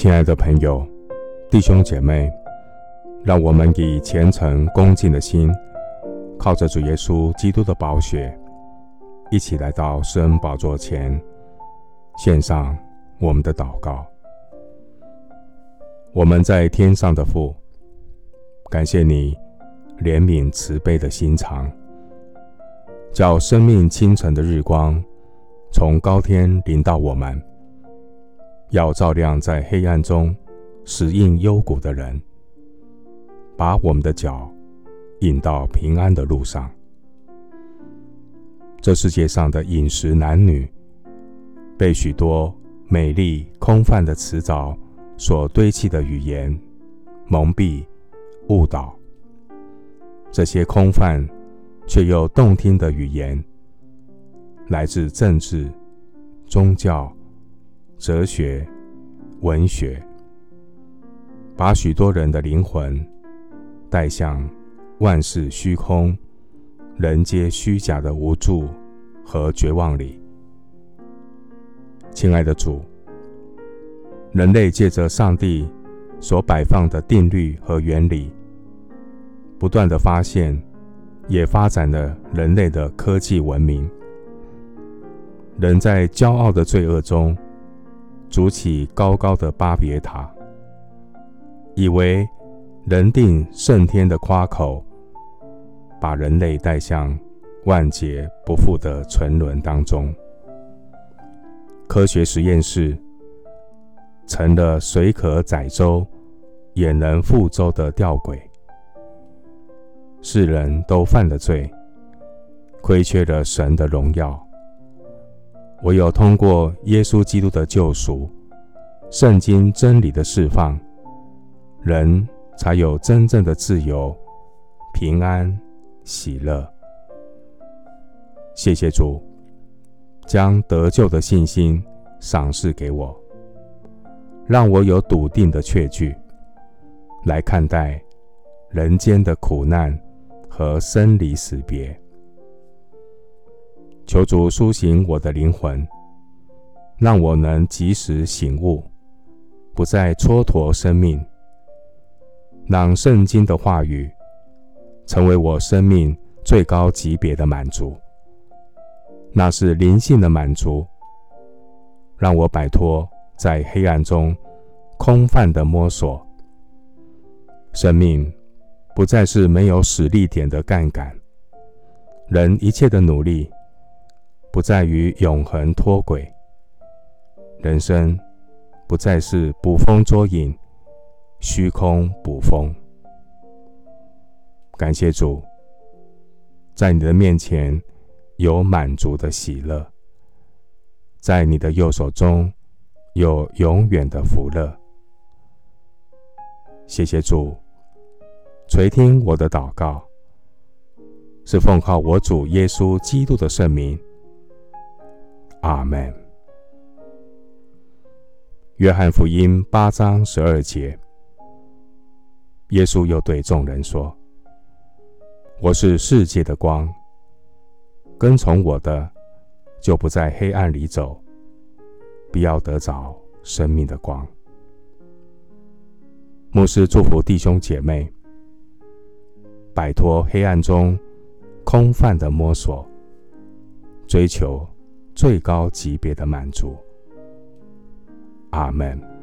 親愛的朋友、弟兄姐妹，讓我們以虔誠恭敬的心，靠着主耶穌基督的寶血，一起來到施恩寶座前，獻上我們的禱告。我們在天上的父，感謝你憐憫慈悲的心腸，叫生命清晨的日光從高天臨到我們。要照亮在黑暗中、死蔭幽谷的人，把我們的腳引到平安的路上。這世界上的飲食男女，被許多美麗空泛的辭藻所堆砌的語言蒙蔽、誤導。這些空泛卻又動聽的語言，來自政治、宗教。哲學、文學，把許多人的靈魂帶向萬事虛空，人皆虛假的無助和絕望裡。親愛的主，人類借着上帝所擺放的定律和原理，不斷的發現，也發展了人類的科技文明。人在驕傲的罪惡中。築起高高的巴別塔，以為人定勝天的誇口，把人類帶向萬劫不復的沉淪當中。科學實驗室成了水可載舟，也能覆舟的吊詭。世人都犯了罪，虧缺了神的榮耀。唯有通過耶穌基督的救贖、聖經真理的釋放，人才有真正的自由、平安、喜樂。謝謝主，將得救的信心賞賜給我，讓我有篤定的確據來看待人間的苦難和生離死別。求主蘇醒我的靈魂，讓我能及時醒悟，不再蹉跎生命；讓聖經的話語成為我生命最高級別的滿足，那是靈性的滿足。讓我擺脫在黑暗中空泛的摸索，生命不再是沒有使力點的槓桿，人一切的努力。不在於永恆脫軌，人生不再是捕風捉影、虛空捕風。感謝主，在你的面前有滿足的喜樂，在你的右手中有永遠的福樂。謝謝主，垂聽我的禱告，是奉靠我主耶穌基督的聖名。阿門。約翰福音八章十二節，耶穌又對眾人說：“我是世界的光。跟從我的，就不在黑暗裡走，必要得著生命的光。”牧師祝福弟兄姐妹，擺脫黑暗中空泛的摸索、追求。最高級別的滿足。阿門。